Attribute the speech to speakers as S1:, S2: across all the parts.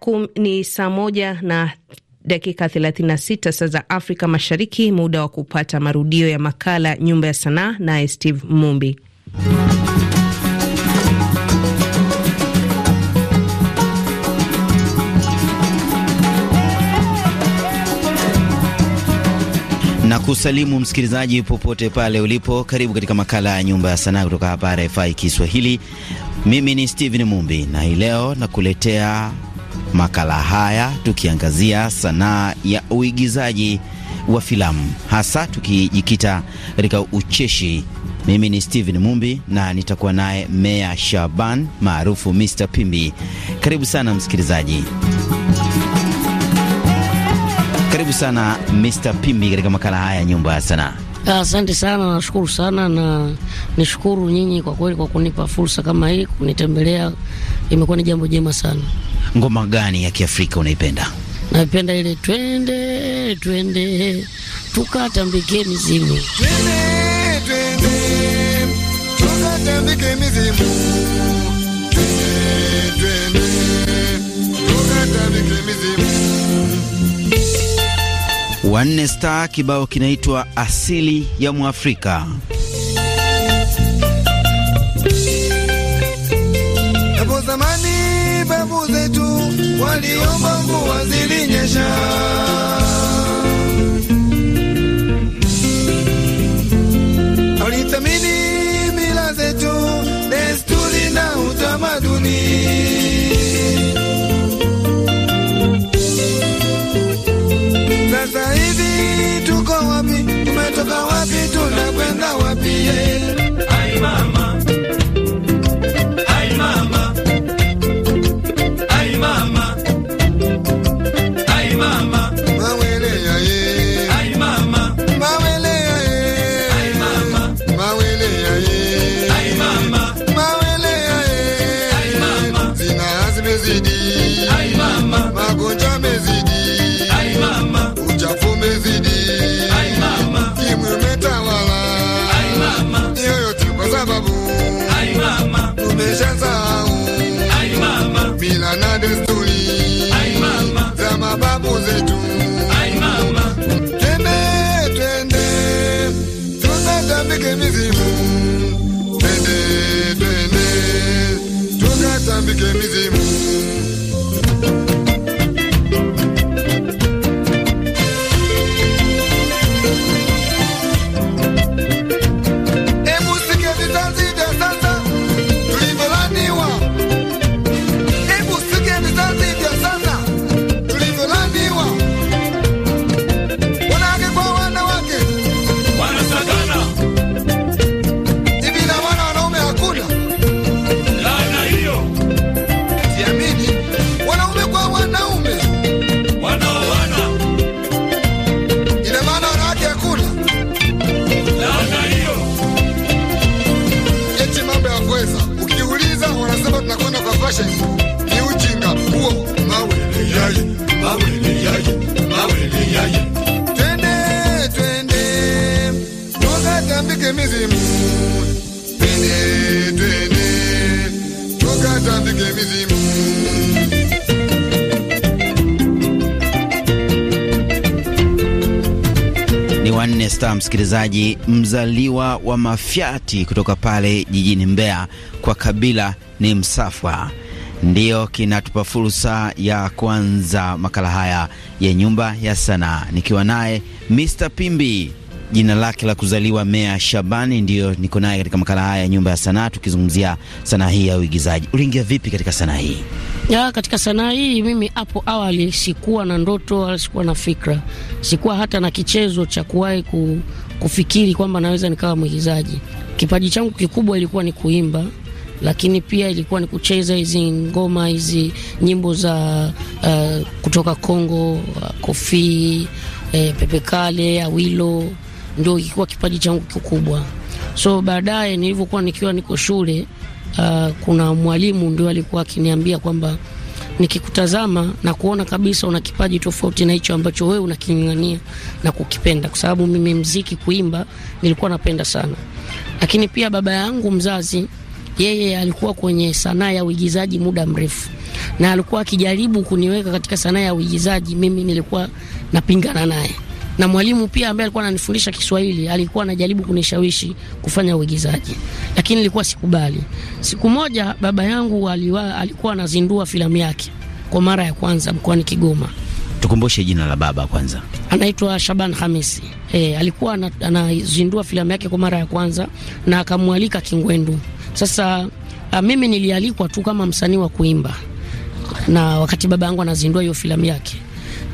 S1: kum, ni saa moja na dakika 36 saa za Afrika Mashariki, muda wa kupata marudio ya makala Nyumba ya Sanaa naye Steve Mumbi.
S2: na kusalimu msikilizaji popote pale ulipo, karibu katika makala ya nyumba ya sanaa kutoka hapa RFI Kiswahili. Mimi ni Steven Mumbi na hii leo nakuletea makala haya tukiangazia sanaa ya uigizaji wa filamu, hasa tukijikita katika ucheshi. Mimi ni Steven Mumbi na nitakuwa naye Meya Shaban maarufu Mr Pimbi. Karibu sana msikilizaji, karibu sana Mr Pimbi katika makala haya ya Nyumba ya Sanaa.
S3: Asante sana, nashukuru sana na nishukuru nyinyi kwa kweli kwa kunipa fursa kama hii kunitembelea, imekuwa ni jambo jema sana
S2: ngoma gani ya Kiafrika unaipenda?
S3: Napenda ile twende twende tukatambike mizimu, twende
S4: twende tukatambike mizimu, twende twende tukatambike mizimu.
S2: Wanne Star kibao kinaitwa asili ya Mwafrika.
S4: Hapo zamani babu zetu waliomba mvua zilinyesha. Walithamini mila zetu, desturi na utamaduni. Sasa hivi tuko wapi? Tumetoka wapi? Tunakwenda wapi? zetu. Ai mama, twende twende, tukatambike mizimu, twende twende, tukatambike mizimu
S2: Wanne sta msikilizaji mzaliwa wa Mafyati kutoka pale jijini Mbeya, kwa kabila ni Msafwa, ndiyo kinatupa fursa ya kuanza makala haya ya nyumba ya sanaa, nikiwa naye Mr Pimbi jina lake la kuzaliwa Mea Shabani, ndiyo niko naye katika makala haya ya Nyumba ya Sanaa, tukizungumzia sanaa hii ya uigizaji. Uliingia vipi katika sanaa hii?
S3: Ya, katika sanaa hii mimi hapo awali sikuwa na ndoto wala sikuwa na fikra, sikuwa hata na kichezo cha kuwahi ku, kufikiri kwamba naweza nikawa mwigizaji. Kipaji changu kikubwa ilikuwa ni kuimba, lakini pia ilikuwa ni kucheza hizi ngoma hizi nyimbo za uh, kutoka Kongo, uh, Kofii, uh, eh, Pepe Kale, Awilo ndio ikikuwa kipaji changu kikubwa. So baadaye nilivyokuwa nikiwa niko shule uh, kuna mwalimu ndio alikuwa akiniambia kwamba nikikutazama na kuona kabisa una kipaji tofauti na hicho ambacho wewe unaking'ang'ania na kukipenda, kwa sababu mimi mziki, kuimba nilikuwa napenda sana. Lakini pia baba yangu mzazi, yeye alikuwa kwenye sanaa ya uigizaji muda mrefu, na alikuwa akijaribu kuniweka katika sanaa ya uigizaji, mimi nilikuwa napingana naye na mwalimu pia ambaye alikuwa ananifundisha Kiswahili alikuwa anajaribu kunishawishi kufanya uigizaji, lakini nilikuwa sikubali. Siku moja baba yangu aliwa, alikuwa anazindua filamu yake kwa mara ya kwanza mkoani Kigoma.
S2: Tukumbushe jina la baba kwanza.
S3: Anaitwa Shaban Hamisi. E, alikuwa anazindua filamu yake kwa mara ya kwanza na akamwalika Kingwendu. Sasa a, mimi nilialikwa tu kama msanii wa kuimba, na wakati baba yangu anazindua hiyo filamu yake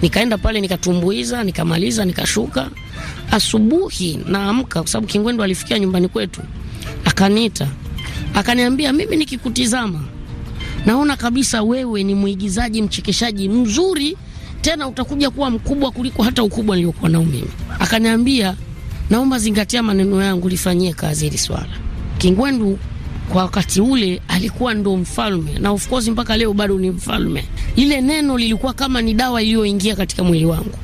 S3: Nikaenda pale nikatumbuiza, nikamaliza, nikashuka. Asubuhi naamka, kwa sababu Kingwendu alifikia nyumbani kwetu, akaniita akaniambia, mimi nikikutizama naona kabisa wewe ni mwigizaji mchekeshaji mzuri, tena utakuja kuwa mkubwa kuliko hata ukubwa niliokuwa nao mimi. Akaniambia, naomba zingatia maneno yangu, lifanyie kazi hili swala. Kingwendu kwa wakati ule alikuwa ndo mfalme, na of course mpaka leo bado ni mfalme. Ile neno lilikuwa kama ni dawa iliyoingia katika mwili wangu,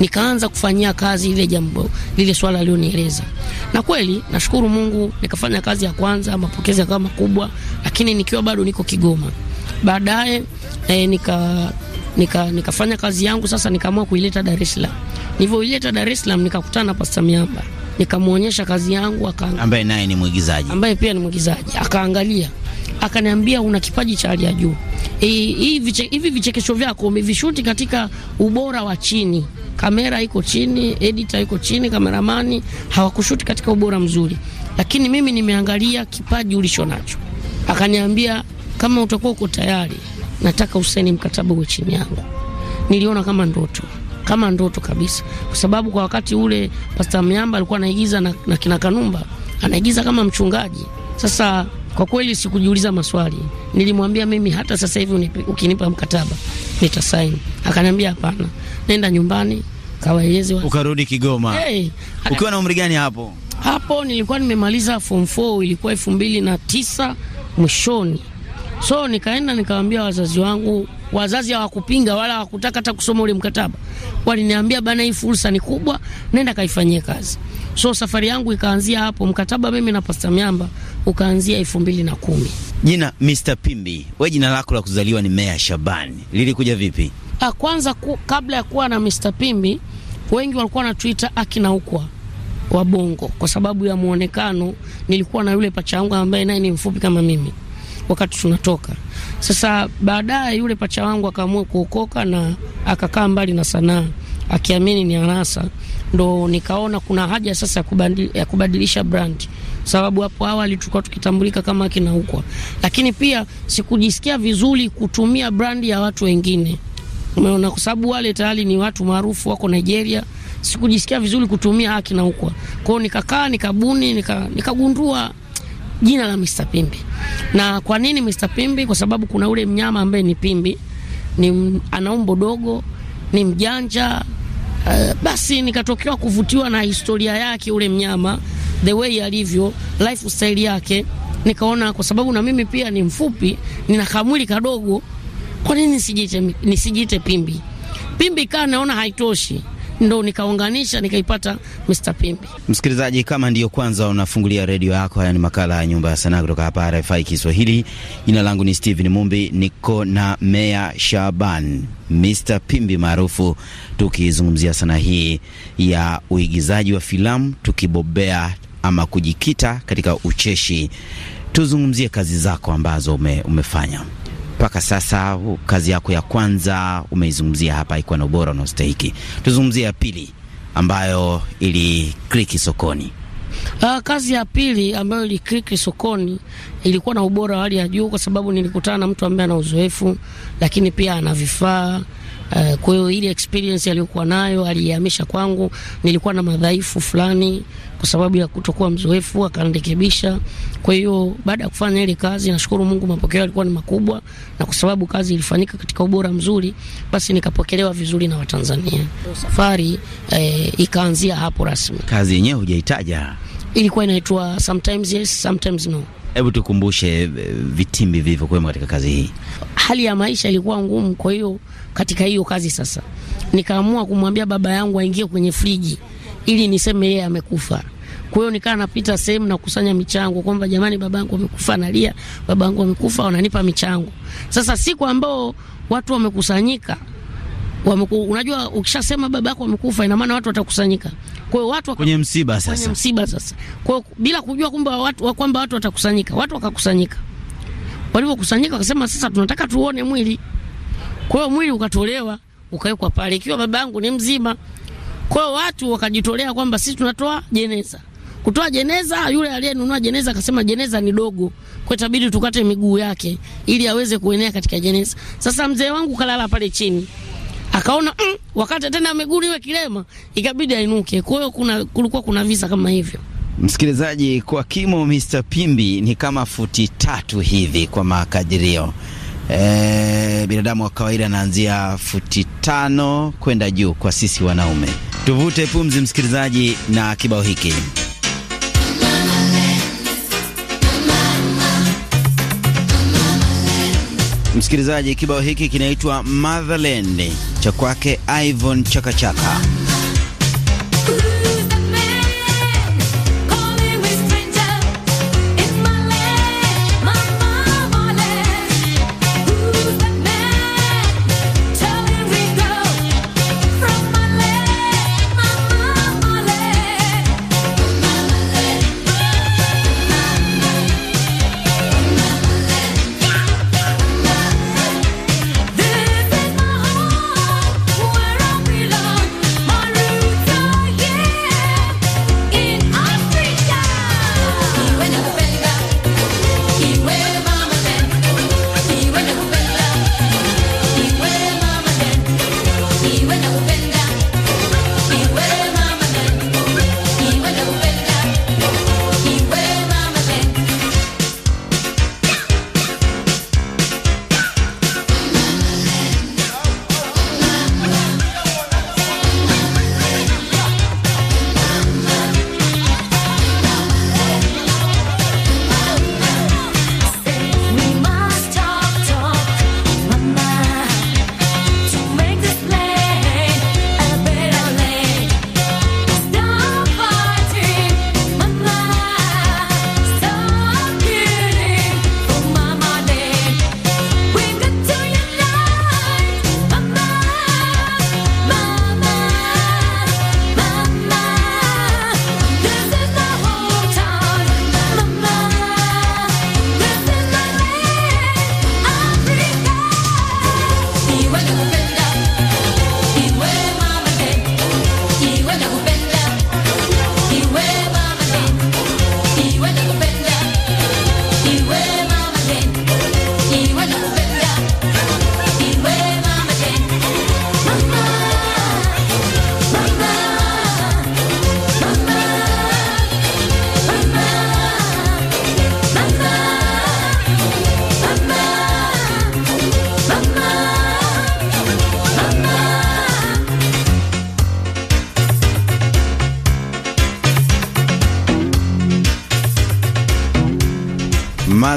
S3: nikaanza kufanyia kazi ile jambo lile swala alionieleza, na kweli nashukuru Mungu nikafanya kazi ya kwanza, mapokezi yakawa makubwa, lakini nikiwa bado niko Kigoma. Baadaye eh, nika nika nikafanya kazi yangu sasa, nikaamua kuileta Dar es Salaam. Nilivyoileta Dar es Salaam nikakutana na Pasta Miamba, nikamwonyesha kazi yangu, akaangalia,
S2: ambaye naye ni mwigizaji,
S3: ambaye pia ni mwigizaji akaangalia akaniambia una kipaji cha hali ya juu hivi. E, e, viche, vichekesho vyako umevishuti katika ubora wa chini. Kamera iko chini, edita iko chini, kameramani hawakushuti katika ubora mzuri, lakini mimi nimeangalia kipaji ulicho nacho. Akaniambia kama utakuwa uko tayari, nataka usaini mkataba uwe chini yangu. Niliona kama ndoto kama ndoto kabisa, kwa sababu kwa wakati ule Pasta Myamba alikuwa anaigiza na, na kina Kanumba anaigiza kama mchungaji sasa kwa kweli sikujiuliza maswali, nilimwambia mimi hata sasa hivi ukinipa mkataba nitasaini. Akaniambia hapana, nenda nyumbani kawaeleze.
S2: Ukarudi Kigoma. Hey, ukiwa na umri gani hapo?
S3: Hapo nilikuwa nimemaliza form 4 ilikuwa elfu mbili na tisa mwishoni So nikaenda nikawaambia wazazi wangu. Wazazi hawakupinga wala hawakutaka hata kusoma ule mkataba, waliniambia bana, hii fursa ni kubwa, nenda kaifanyie kazi. So safari yangu ikaanzia hapo. Mkataba mimi na Pasta Myamba ukaanzia elfu mbili na kumi.
S2: Jina Mr Pimbi, we jina lako la kuzaliwa ni Meya Shabani, lilikuja vipi?
S3: A, ah, kwanza ku, kabla ya kuwa na Mr Pimbi wengi walikuwa na Twitter akina ukwa wa Bongo kwa sababu ya mwonekano. Nilikuwa na yule pacha wangu ambaye naye ni mfupi kama mimi wakati tunatoka. Sasa baadaye yule pacha wangu akaamua kuokoka na akakaa mbali na sanaa, akiamini ni anasa. Ndo nikaona kuna haja sasa ya, kubadili, ya kubadilisha brand, sababu hapo awali tulikuwa tukitambulika kama kina ukwa, lakini pia sikujisikia vizuri kutumia brandi ya watu wengine, umeona, kwa sababu wale tayari ni watu maarufu wako Nigeria sikujisikia vizuri kutumia haki na ukwa kwao, nikakaa nikabuni, nikagundua nika jina la Mr. Pimbi. Na kwa nini Mr. Pimbi? Kwa sababu kuna ule mnyama ambaye ni Pimbi, ni ana umbo dogo, ni mjanja. Uh, basi nikatokewa kuvutiwa na historia yake ule mnyama, the way alivyo, lifestyle yake. Nikaona kwa sababu na mimi pia ni mfupi, nina kamwili kadogo, kwa nini nisijiite, nisijiite Pimbi? Pimbi kaa naona haitoshi ndo nikaunganisha nikaipata Mr. Pimbi.
S2: Msikilizaji, kama ndiyo kwanza unafungulia redio yako, haya ni makala ya Nyumba ya Sanaa kutoka hapa RFI Kiswahili. Jina langu ni Steven Mumbi, niko na Meya Shaban Mr. Pimbi maarufu, tukizungumzia sanaa hii ya uigizaji wa filamu, tukibobea ama kujikita katika ucheshi. Tuzungumzie kazi zako ambazo ume, umefanya mpaka sasa kazi yako ya kwanza umeizungumzia hapa, ikuwa na ubora unaostahiki. Tuzungumzie ya pili ambayo ili kliki sokoni.
S3: Uh, kazi ya pili ambayo ilikliki sokoni ilikuwa na ubora wa hali ya juu, kwa sababu nilikutana na mtu ambaye ana uzoefu, lakini pia ana vifaa Uh, kwa hiyo ile experience aliyokuwa nayo alihamisha kwangu. Nilikuwa na madhaifu fulani kwa sababu ya kutokuwa mzoefu, akanirekebisha. Kwa hiyo baada ya kufanya ile kazi, nashukuru Mungu, mapokeo yalikuwa ni makubwa, na kwa sababu kazi ilifanyika katika ubora mzuri, basi nikapokelewa vizuri na Watanzania. Safari eh, ikaanzia hapo rasmi.
S2: Kazi yenyewe hujaitaja,
S3: ilikuwa inaitwa sometimes yes, sometimes no.
S2: Hebu tukumbushe eh, vitimbi vilivyokuwemo katika kazi hii.
S3: Hali ya maisha ilikuwa ngumu, kwa hiyo katika hiyo kazi sasa nikaamua kumwambia baba yangu aingie kwenye friji ili niseme yeye amekufa. Kwa hiyo nikaa napita sehemu na kusanya michango kwamba jamani, babangu amekufa, nalia babangu amekufa, wananipa michango. Sasa siku ambao watu wamekusanyika wameku, unajua ukishasema baba yako amekufa, ina maana watu watakusanyika. Kwa hiyo watu kwenye msiba sasa, kwenye msiba sasa, kwa hiyo bila kujua kwamba watu kwamba watu watakusanyika, watu wakakusanyika. Walipokusanyika wakasema sasa tunataka tuone mwili. Kwa hiyo mwili ukatolewa ukawekwa pale, ikiwa babangu ni mzima kwa hiyo watu wakajitolea kwamba sisi tunatoa jeneza. Kutoa jeneza, yule aliyenunua jeneza akasema jeneza ni dogo, kwa itabidi tukate miguu yake ili aweze kuenea katika jeneza. Sasa mzee wangu kalala pale chini akaona mm, wakati tena miguu iwe kilema, ikabidi ainuke. Kwa hiyo kuna kulikuwa kuna visa kama hivyo.
S2: Msikilizaji, kwa kimo Mr Pimbi ni kama futi tatu hivi kwa makadirio e, binadamu wa kawaida anaanzia futi tano kwenda juu kwa sisi wanaume. Tuvute pumzi, msikilizaji, na kibao hiki msikilizaji, kibao hiki kinaitwa Motherland cha kwake Ivon Chakachaka.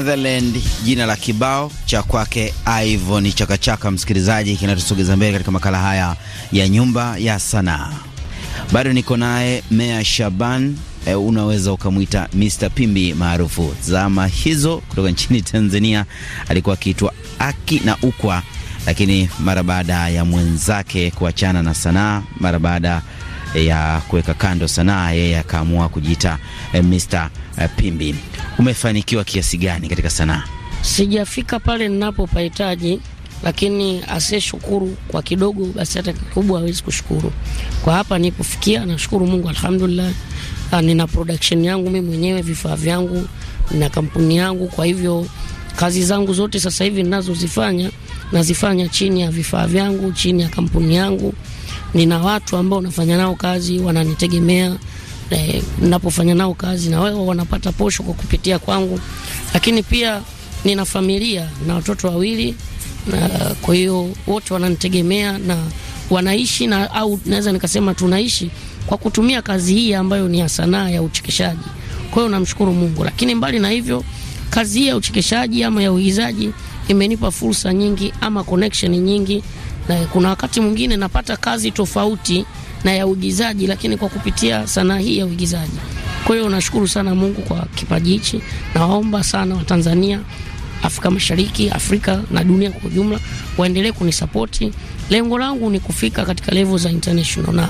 S2: Motherland, jina la kibao cha kwake Ivon Chakachaka. Msikilizaji, kinatusogeza mbele katika makala haya ya nyumba ya sanaa. Bado niko naye Mea Shaban, e, unaweza ukamwita Mr Pimbi maarufu zama hizo, kutoka nchini Tanzania. Alikuwa akiitwa Aki na Ukwa, lakini mara baada ya mwenzake kuachana na sanaa, mara baada ya kuweka kando sanaa, yeye akaamua kujiita eh, Mr eh, Pimbi. Umefanikiwa kiasi gani katika sanaa?
S3: Sijafika pale ninapopahitaji, lakini asiyeshukuru kwa kidogo, basi hata kikubwa hawezi kushukuru. Kwa hapa nipofikia, nashukuru Mungu, alhamdulillah. Ah, nina production yangu mimi mwenyewe, vifaa vyangu na kampuni yangu, kwa hivyo kazi zangu zote sasa hivi ninazozifanya nazifanya chini ya vifaa vyangu, chini ya kampuni yangu nina watu ambao nafanya nao kazi wananitegemea eh, napofanya nao kazi na wao wanapata posho kwa kupitia kwangu, lakini pia nina familia na watoto wawili, na kwa hiyo wote wananitegemea na wanaishi na au naweza nikasema tunaishi kwa kutumia kazi hii ambayo ni ya sanaa ya uchekeshaji. Kwa hiyo namshukuru Mungu, lakini mbali na hivyo kazi hii ya uchekeshaji ama ya uigizaji imenipa fursa nyingi ama connection nyingi na kuna wakati mwingine napata kazi tofauti na ya uigizaji, lakini kwa kupitia sanaa hii ya uigizaji. Kwa hiyo nashukuru sana Mungu kwa kipaji hichi. Nawaomba sana Watanzania, Afrika Mashariki, Afrika na dunia kwa ujumla waendelee kunisapoti. Lengo langu ni kufika katika level za international. Na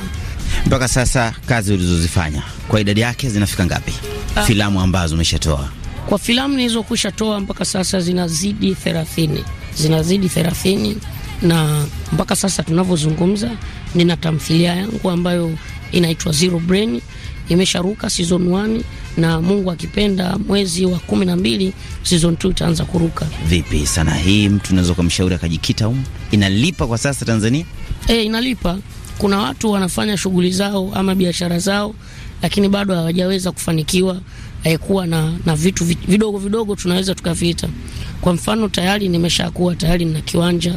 S2: mpaka sasa kazi ulizozifanya kwa idadi yake zinafika ngapi? Ah, filamu ambazo umeshatoa?
S3: Kwa filamu nilizokwisha toa mpaka sasa zinazidi 30, zinazidi 30 na mpaka sasa tunavyozungumza, nina tamthilia yangu ambayo inaitwa Zero Brain imesharuka season 1 na Mungu akipenda mwezi wa kumi na mbili season 2 itaanza kuruka.
S2: Vipi sana hii, mtu unaweza kumshauri akajikita huko? Inalipa kwa sasa Tanzania?
S3: E, inalipa. Kuna watu wanafanya shughuli zao ama biashara zao, lakini bado hawajaweza kufanikiwa eh, kuwa na, na vitu vidogo vidogo tunaweza tukaviita. Kwa mfano tayari nimeshakuwa tayari nina kiwanja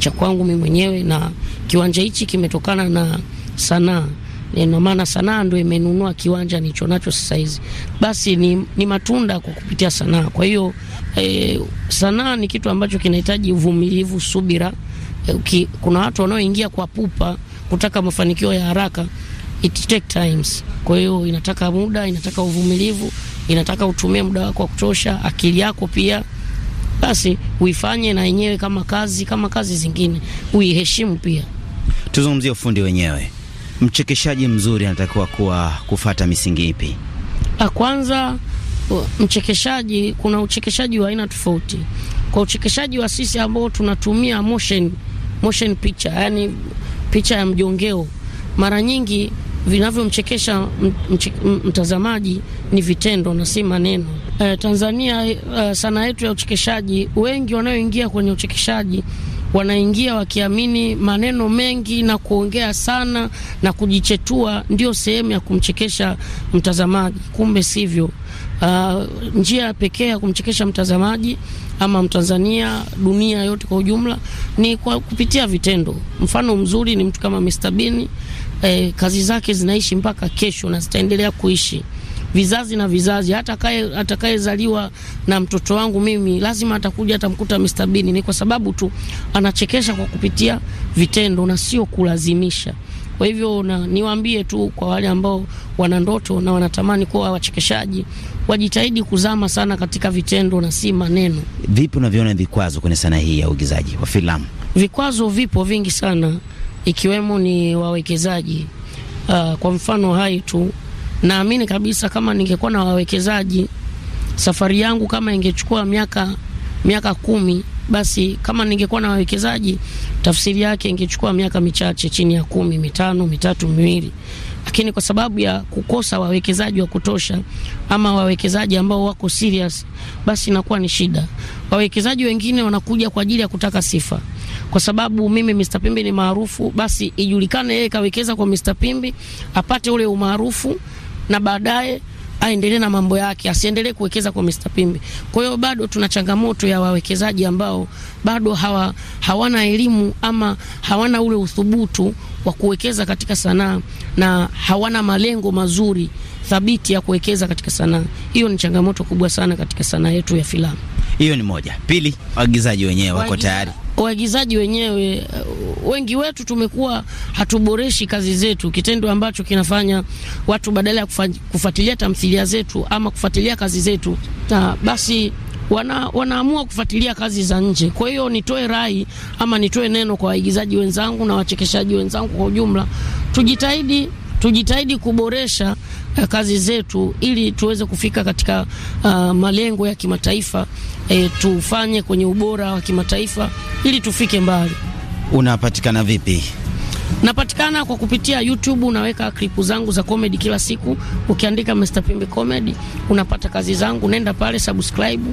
S3: cha kwangu mimi mwenyewe, na kiwanja hichi kimetokana na sanaa. Ina maana sanaa ndio imenunua kiwanja nicho nacho sasa hizi, basi ni, ni matunda kwa kupitia sanaa. Kwa hiyo e, sanaa ni kitu ambacho kinahitaji uvumilivu, subira. E, ki, kuna watu wanaoingia kwa pupa kutaka mafanikio ya haraka, it take times. Kwa hiyo inataka muda, inataka uvumilivu, inataka utumie muda wako wa kutosha, akili yako pia basi uifanye na yenyewe kama kazi kama kazi zingine, uiheshimu pia.
S2: Tuzungumzie ufundi wenyewe. Mchekeshaji mzuri anatakiwa kuwa kufata misingi ipi?
S3: Kwanza mchekeshaji, kuna uchekeshaji wa aina tofauti. Kwa uchekeshaji wa sisi ambao tunatumia motion, motion picture, yani picha ya mjongeo, mara nyingi Vinavyomchekesha mtazamaji ni vitendo na si maneno. E, Tanzania e, eh, sanaa yetu ya uchekeshaji, wengi wanaoingia kwenye uchekeshaji wanaingia wakiamini maneno mengi na kuongea sana na kujichetua ndio sehemu ya kumchekesha mtazamaji, kumbe sivyo. Uh, njia pekee ya kumchekesha mtazamaji ama Mtanzania, dunia yote kwa ujumla, ni kwa kupitia vitendo. Mfano mzuri ni mtu kama Mr Bean eh, kazi zake zinaishi mpaka kesho na zitaendelea kuishi vizazi na vizazi. Hata kae atakayezaliwa na mtoto wangu mimi lazima atakuja atamkuta Mr. Bean, ni kwa sababu tu anachekesha kwa kupitia vitendo na sio kulazimisha. Kwa hivyo na, niwaambie tu kwa wale ambao wana ndoto na wanatamani kuwa wachekeshaji wajitahidi kuzama sana katika vitendo na si maneno.
S2: Vipi unaviona vikwazo kwenye sanaa hii ya uigizaji wa filamu?
S3: Vikwazo vipo vingi sana, ikiwemo ni wawekezaji. Uh, kwa mfano hai tu naamini kabisa kama ningekuwa na wawekezaji, safari yangu kama ingechukua miaka miaka kumi, basi kama ningekuwa na wawekezaji, tafsiri yake ingechukua miaka michache, chini ya kumi, mitano, mitatu, miwili. Lakini kwa sababu ya kukosa wawekezaji wa kutosha ama wawekezaji ambao wako serious, basi inakuwa ni shida. Wawekezaji wengine wanakuja kwa ajili ya kutaka sifa kwa sababu mimi Mr Pimbi ni maarufu, basi ijulikane yeye kawekeza kwa Mr Pimbi apate ule umaarufu na baadaye aendelee na mambo yake, asiendelee kuwekeza kwa Mr. Pimbe. Kwa hiyo bado tuna changamoto ya wawekezaji ambao bado hawa, hawana elimu ama hawana ule uthubutu wa kuwekeza katika sanaa na hawana malengo mazuri thabiti ya kuwekeza katika sanaa. Hiyo ni changamoto kubwa sana katika sanaa yetu ya filamu.
S2: Hiyo ni moja. Pili, waagizaji wenyewe wako tayari
S3: waigizaji wenyewe wengi wetu tumekuwa hatuboreshi kazi zetu, kitendo ambacho kinafanya watu badala ya kufuatilia tamthilia zetu ama kufuatilia kazi zetu na basi wana, wanaamua kufuatilia kazi za nje. Kwa hiyo nitoe rai ama nitoe neno kwa waigizaji wenzangu na wachekeshaji wenzangu kwa ujumla, tujitahidi tujitahidi kuboresha uh, kazi zetu ili tuweze kufika katika uh, malengo ya kimataifa uh, tufanye kwenye ubora wa kimataifa ili tufike mbali.
S2: Unapatikana vipi?
S3: Napatikana kwa kupitia YouTube, unaweka klipu zangu za comedy kila siku. Ukiandika Mr Pimbi Comedy unapata kazi zangu, nenda pale subscribe,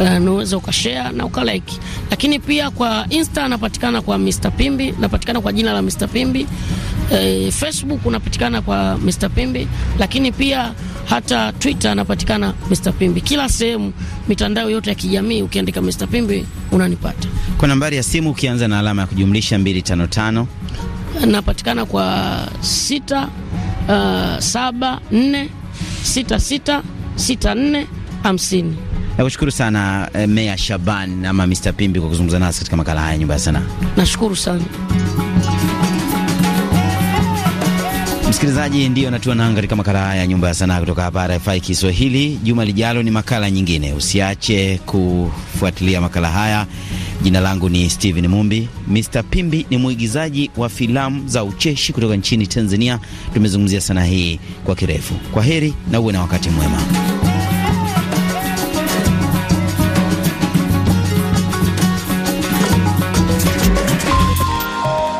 S3: uh, eh, unaweza ukashare na ukalike. Lakini pia kwa Insta napatikana kwa Mr Pimbi, napatikana kwa jina la Mr Pimbi e, Facebook unapatikana kwa Mr Pimbi, lakini pia hata Twitter anapatikana Mr Pimbi. Kila sehemu, mitandao yote ya kijamii ukiandika Mr Pimbi unanipata.
S2: Kwa nambari ya simu ukianza na alama ya kujumlisha 255
S3: napatikana kwa sita uh,
S2: Nakushukuru sana eh, Meya Shaban ama Mr Pimbi kwa kuzungumza nasi katika makala haya nyumba ya sanaa.
S3: Nashukuru sana.
S2: Msikilizaji, ndiyo natua nanga katika makala haya ya Nyumba ya Sanaa kutoka hapa RFI Kiswahili. Juma lijalo ni makala nyingine, usiache kufuatilia makala haya. Jina langu ni Steven Mumbi. Mr Pimbi ni mwigizaji wa filamu za ucheshi kutoka nchini Tanzania. Tumezungumzia sanaa hii kwa kirefu. Kwa heri na uwe na wakati mwema.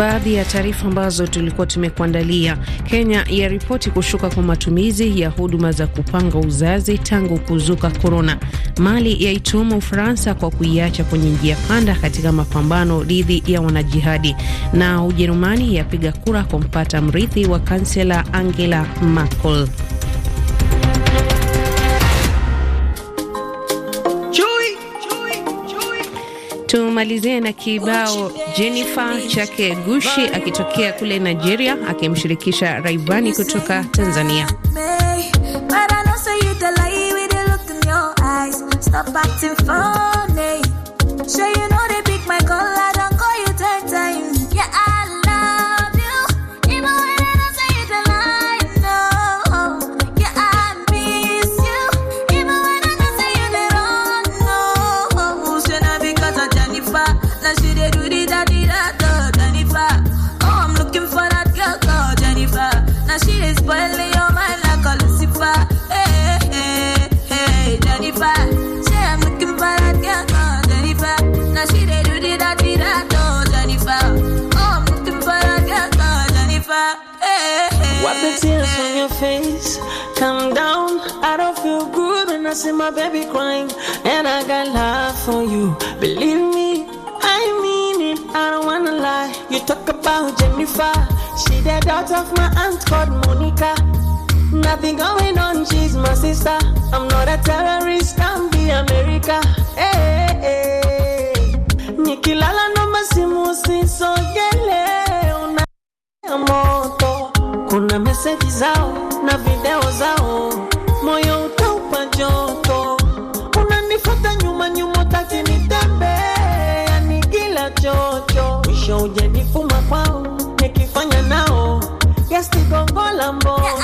S1: baadhi ya taarifa ambazo tulikuwa tumekuandalia. Kenya yaripoti kushuka kwa matumizi ya huduma za kupanga uzazi tangu kuzuka korona. Mali yaituhumu Ufaransa kwa kuiacha kwenye njia panda katika mapambano dhidi ya wanajihadi, na Ujerumani yapiga kura kumpata mrithi wa kansela Angela Merkel. Tumalizie na kibao Jennifer chake Gushi akitokea kule Nigeria, akimshirikisha Raivani kutoka Tanzania.
S5: the tears from your face. Come down, I don't feel good when I see my baby crying. And I got love for you. Believe me, I mean it, I don't wanna lie. You talk about Jennifer, she the daughter of my aunt called Monica. Nothing going on, she's my sister. I'm not a terrorist, I'm the America. Hey, hey, hey. Nikilala no masimu sinsogele, una amor. Ona meseji zao na video zao, moyo utaupa joto, unanifata nyuma nyuma, taki nitembe yani kila chocho, mwisho uje kwao, nikifanya nao yasigongola mboto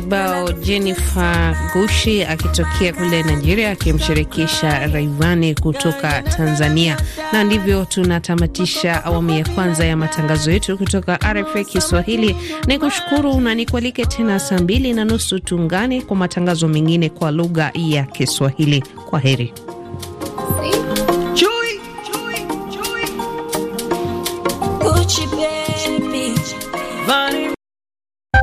S1: kibao Jennifer Gushi akitokea kule Nigeria akimshirikisha Raivani kutoka Tanzania. Na ndivyo tunatamatisha awamu ya kwanza ya matangazo yetu kutoka RFA Kiswahili. Ni kushukuru na nikualike tena saa mbili na nusu tungane kwa matangazo mengine kwa lugha ya Kiswahili. Kwa heri.